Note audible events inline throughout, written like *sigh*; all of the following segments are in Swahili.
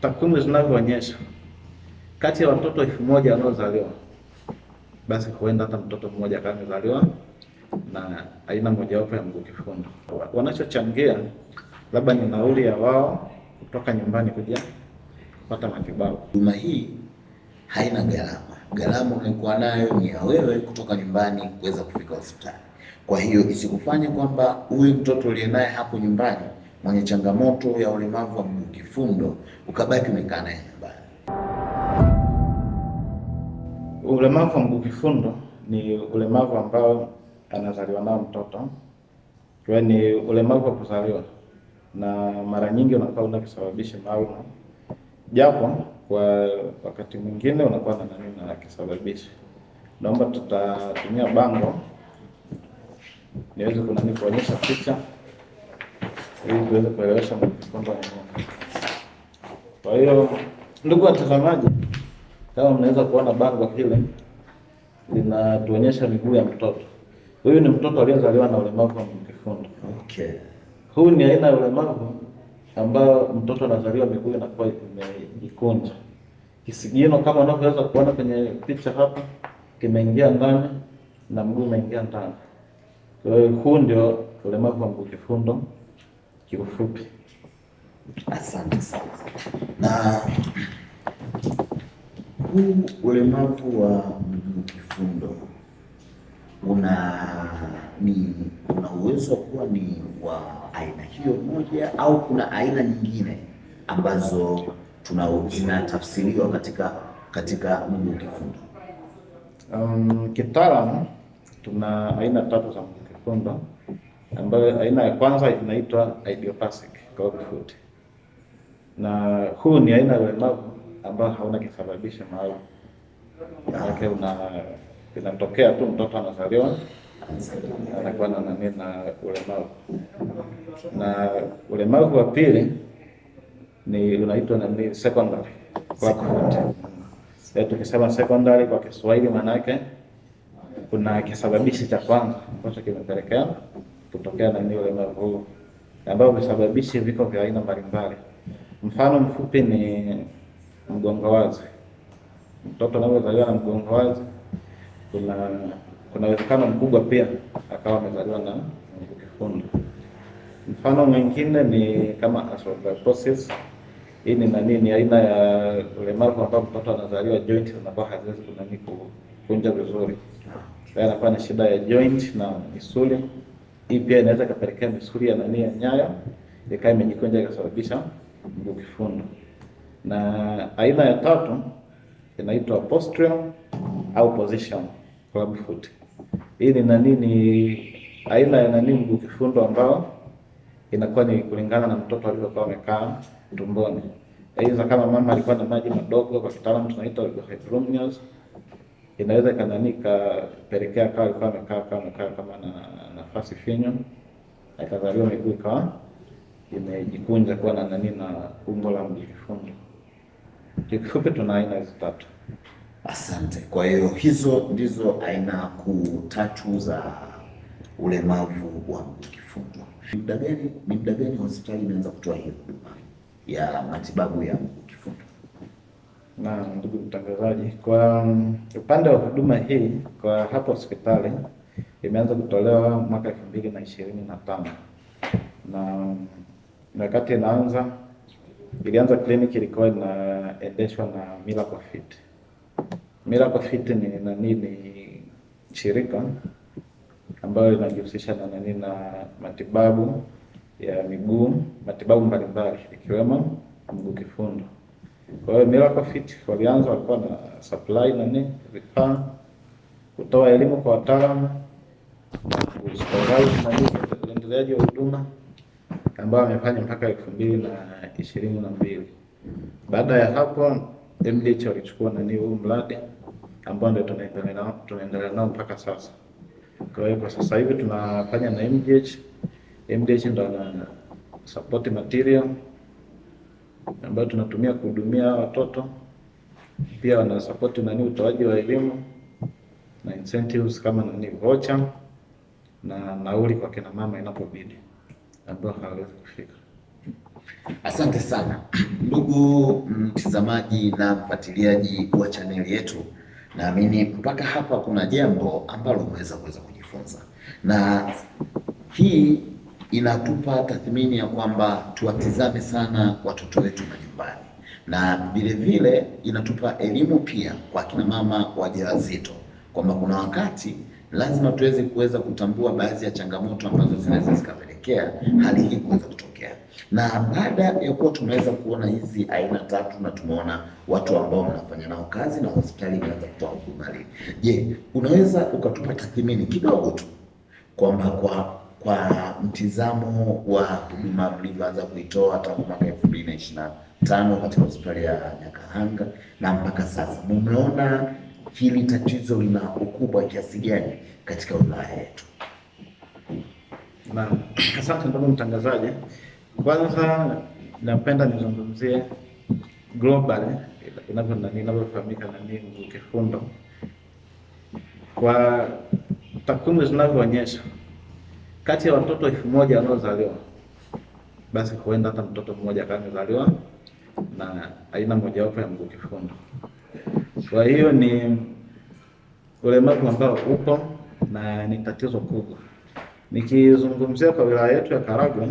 takwimu zinavyoonyesha kati ya watoto elfu moja wanaozaliwa basi huenda hata mtoto mmoja akawa amezaliwa na aina mojawapo ya mguu kifundo. Wanachochangia labda ni nauli ya wao kutoka nyumbani kuja kupata matibabu. Huduma hii haina gharama, gharama unayokuwa nayo ni ya wewe kutoka nyumbani kuweza kufika hospitali. Kwa hiyo isikufanye kwamba huyu mtoto uliye naye hapo nyumbani mwenye changamoto ya ulemavu wa mguu kifundo ukabaki umekaa naye nyumbani. Ulemavu wa mguu kifundo ni ulemavu ambao anazaliwa nao mtoto, kwa yaani ni ulemavu wa kuzaliwa na mara nyingi unakuwa una kisababishi maalum, japo kwa wakati mwingine unakuwa na nani na kisababishi. Naomba tutatumia bango niweze kunani kuonyesha picha ili tuweze kuelewesha mguu kifundo. Kwa hiyo ndugu watazamaji, kama mnaweza kuona bango hili linatuonyesha miguu ya mtoto. Huyu ni mtoto aliyezaliwa na ulemavu wa kifundo. Okay. Huu ni aina ya ulemavu ambao mtoto anazaliwa miguu inakuwa imejikunja. Kisigino kama unavyoweza kuona kwenye picha hapa kimeingia ndani na mguu umeingia ndani. Kwa hiyo huu ndio ulemavu wa mguu kifundo kiufupi. Asante sana. Na huu ulemavu wa mguu kifundo una ni una uwezo kuwa ni wa aina hiyo moja au kuna aina nyingine ambazo zinatafsiriwa katika katika mguu kifundo? Um, kitaalamu tuna aina tatu za mguu kifundo ambayo aina ya kwanza inaitwa idiopathic gout na huu ni aina ya ulemavu ambao hauna kisababishi maalum, maanake inatokea tu, mtoto anazaliwa anakuwa na nani na ulemavu. Na ulemavu wa pili ni unaitwa nani, secondary kwa Sasa eh, Tukisema secondary kwa Kiswahili, maana yake kuna kisababishi cha kwanza ambacho kimepelekea kutokea nani ulemavu huu, ambao visababishi viko vya aina mbalimbali. Mfano mfupi ni mgongo wazi. Mtoto anapozaliwa na mgongo wazi, kuna kuna uwezekano mkubwa pia akawa amezaliwa na kifundo. Mfano mwingine ni kama arthrogryposis. Hii ni nani, ni aina ya ulemavu ambao mtoto anazaliwa joint ambao haziwezi kunani kukunja vizuri, kwa anakuwa na shida ya joint na misuli. Hii pia inaweza ikapelekea misuli ya nani ya nyayo ikawa imejikunja ikasababisha Bukifunda. Na aina ya tatu inaitwa postrium au position club foot. Hii ni nani? Ni aina ya nani mguu kifundo ambao inakuwa ni kulingana na mtoto alivyokuwa amekaa tumboni. Aidha, kama mama alikuwa na maji madogo, kwa kitaalamu tunaita hyperamnios, inaweza kanani kapelekea kawa alikuwa amekaa kama amekaa kama na nafasi finyo, akazaliwa miguu ikawa imejikunja kuwa na nani na umbo la mjifungo. kikifupi tuna aina hizo tatu. Asante. Kwa hiyo hizo ndizo aina kuu tatu za ulemavu wa mkifungo. Muda gani, ni muda gani hospitali imeanza kutoa hiyo huduma ya matibabu ya mkifungo? Na ndugu mtangazaji, kwa um, upande wa huduma hii kwa hapa hospitali imeanza kutolewa mwaka elfu mbili na ishirini na tano na um, na wakati inaanza ilianza kliniki ilikuwa inaendeshwa na Miracle Fit. Miracle Fit ni nani? Ni shirika ambayo inajihusisha na nani na matibabu ya miguu, matibabu mbalimbali ikiwemo mguu kifundo. Kwa hiyo Miracle Fit walianza walikuwa na supply nani vifaa, kutoa elimu kwa wataalamu na uendeleaji wa huduma ambayo amefanya mpaka elfu mbili na ishirini na mbili. Baada ya hapo MDH walichukua nani huu mradi ambao ndio tunaendelea nao tunaendelea nao mpaka sasa. Kwa hiyo kwa sasa hivi tunafanya na MDH. MDH ndio ana support material ambayo tunatumia kuhudumia watoto, pia wana support nani utoaji wa elimu na incentives kama nani voucher na nauli kwa kina mama inapobidi ambao hawawezi kufika. Asante sana ndugu mtizamaji na mfuatiliaji wa chaneli yetu, naamini mpaka hapa kuna jambo ambalo umeweza kuweza kujifunza, na hii inatupa tathmini ya kwamba tuwatizame sana watoto wetu majumbani, na vilevile inatupa elimu pia kwa kina mama wajawazito kwamba kuna wakati lazima tuweze kuweza kutambua baadhi ya changamoto ambazo zinaweza zikapelekea kutokea, hali hii kuweza kutokea. Na baada ya kuwa tumeweza kuona hizi aina tatu na tumeona watu ambao mnafanya nao kazi na hospitali imeanza kutoa huduma lini, je, unaweza ukatupa tathmini kidogo tu kwamba kwa kwa mtizamo wa huduma mlivyoanza kuitoa tangu mwaka elfu mbili na ishirini na tano katika hospitali ya Nyakahanga na mpaka sasa mumeona hili tatizo lina ukubwa kiasi gani katika wilaya yetu? Naam, asante ndugu mtangazaji. Kwanza napenda nizungumzie global inavyofahamika na mimi Kifundo. Kwa takwimu zinavyoonyesha, kati ya watoto elfu moja wanaozaliwa, basi huenda hata mtoto mmoja kama na aina mojawapo ya mguu kifundo. Kwa hiyo ni ulemavu ambao upo na ni tatizo kubwa Nikizungumzia kwa wilaya yetu ya Karagwe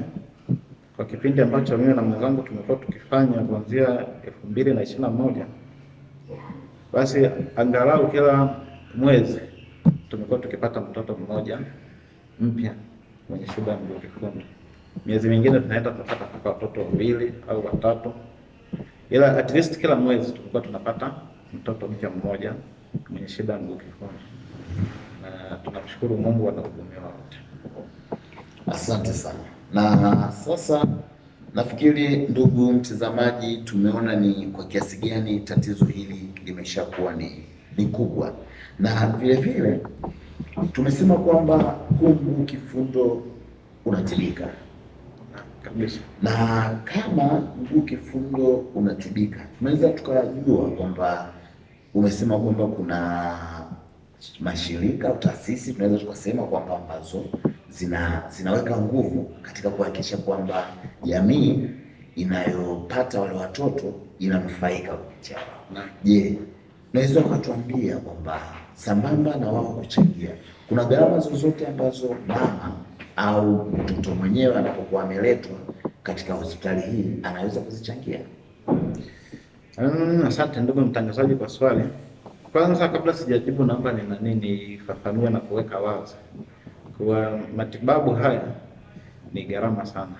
kwa kipindi ambacho mimi na mwenzangu tumekuwa tukifanya kuanzia elfu mbili na ishirini na moja basi angalau kila mwezi tumekuwa tukipata mtoto mmoja mpya mwenye shida ya mguu kifundi. Miezi mingine tunaenda tunapata mpaka watoto wawili au watatu, ila at least kila mwezi tulikuwa tunapata mtoto mpya mmoja mwenye shida ya mguu kifundi, na tunamshukuru Mungu, wanahudumiwa wote. Asante sana. Na sasa nafikiri ndugu mtazamaji, tumeona ni kwa kiasi gani tatizo hili limeshakuwa ni, ni kubwa, na vile vile tumesema kwamba kumbu kifundo unatibika kabisa, na kama mguu kifundo unatibika tunaweza tukajua kwamba umesema kwamba kuna mashirika au taasisi tunaweza tukasema kwamba ambazo zina, zinaweka nguvu katika kuhakikisha kwamba jamii inayopata wale watoto inanufaika kupitia wao. Je, naweza ukatuambia kwamba sambamba na wao kuchangia, kuna gharama zozote ambazo mama au mtoto mwenyewe anapokuwa ameletwa katika hospitali hii anaweza kuzichangia? Mm, asante ndugu mtangazaji kwa swali. Kwanza kabla sijajibu, naomba ni nani nifafanue na kuweka wazi kuwa matibabu haya ni gharama sana,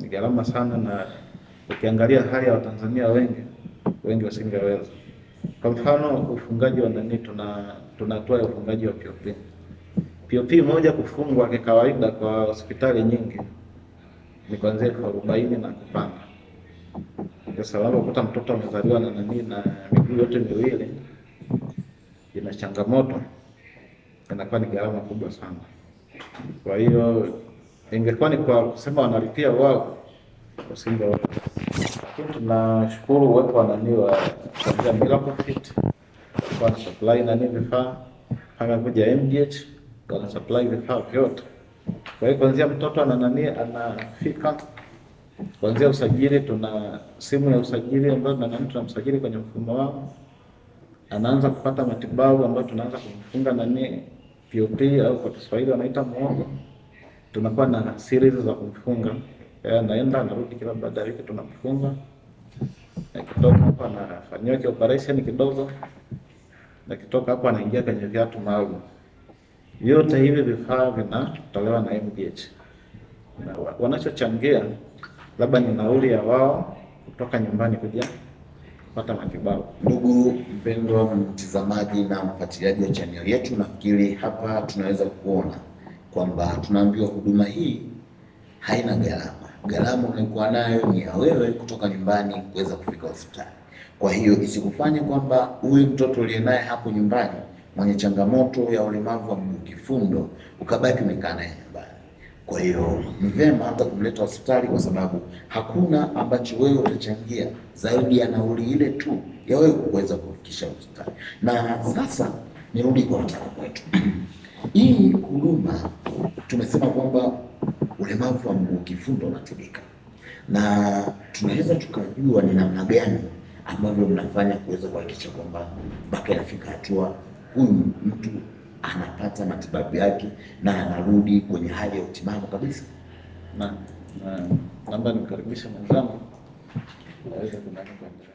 ni gharama sana, na ukiangalia hali ya Watanzania wengi wengi wasingeweza. Kwa mfano ufungaji wa nani, tuna tunatoa ufungaji wa POP. POP moja kufungwa kikawaida kwa hospitali nyingi ni kuanzia elfu arobaini na kupanda. kwa sababu unakuta mtoto amezaliwa na nani na miguu yote miwili ina changamoto, inakuwa ni gharama kubwa sana. Kwa hiyo ingekuwa ni kwa kusema wanalipia wao usinge, lakini tunashukuru uwepo wa nani wa kuanzia Miracle Fit kwa supply na nini vifaa mpaka kuja MDH kwa supply vifaa vyote. Kwa hiyo kuanzia mtoto ana nani anafika kuanzia usajili, tuna simu ya usajili ambayo na nani tunamsajili kwenye mfumo wao anaanza kupata matibabu ambayo tunaanza kumfunga nani POP au kwa Kiswahili wanaita muhogo. Tunakuwa na series za kumfunga, anaenda eh, anarudi, kila baada ya wiki tunamfunga akitoka hapo anafanyiwa operation kidogo, na kitoka hapo anaingia kwenye viatu maalum. Vyote hivi vifaa vinatolewa na MDH, na wanachochangia labda ni nauli ya wao kutoka nyumbani kuja kupata matibabu. Ndugu mpendwa mtizamaji na mfuatiliaji wa chaneli yetu, nafikiri hapa tunaweza kuona kwamba tunaambiwa huduma hii haina gharama. Gharama unayokuwa nayo ni ya wewe kutoka nyumbani kuweza kufika hospitali. Kwa hiyo isikufanye kwamba huyu mtoto uliye naye hapo nyumbani mwenye changamoto ya ulemavu wa mguu kifundo ukabaki umekaa naye nyumbani. Kwa hiyo ni vema hata kumleta hospitali, kwa sababu hakuna ambacho wewe utachangia zaidi ya nauli ile tu ya wewe kuweza kufikisha hospitali. Na sasa nirudi kwa wataka wetu *clears throat* hii huduma tumesema kwamba ulemavu wa mguu kifundo unatibika, na tunaweza tukajua ni namna gani ambavyo mnafanya kuweza kuhakikisha kwamba mpaka inafika hatua huyu mtu anapata matibabu yake na anarudi kwenye hali ya utimamu kabisa. Na naomba mwenzangu aweze kuendelea.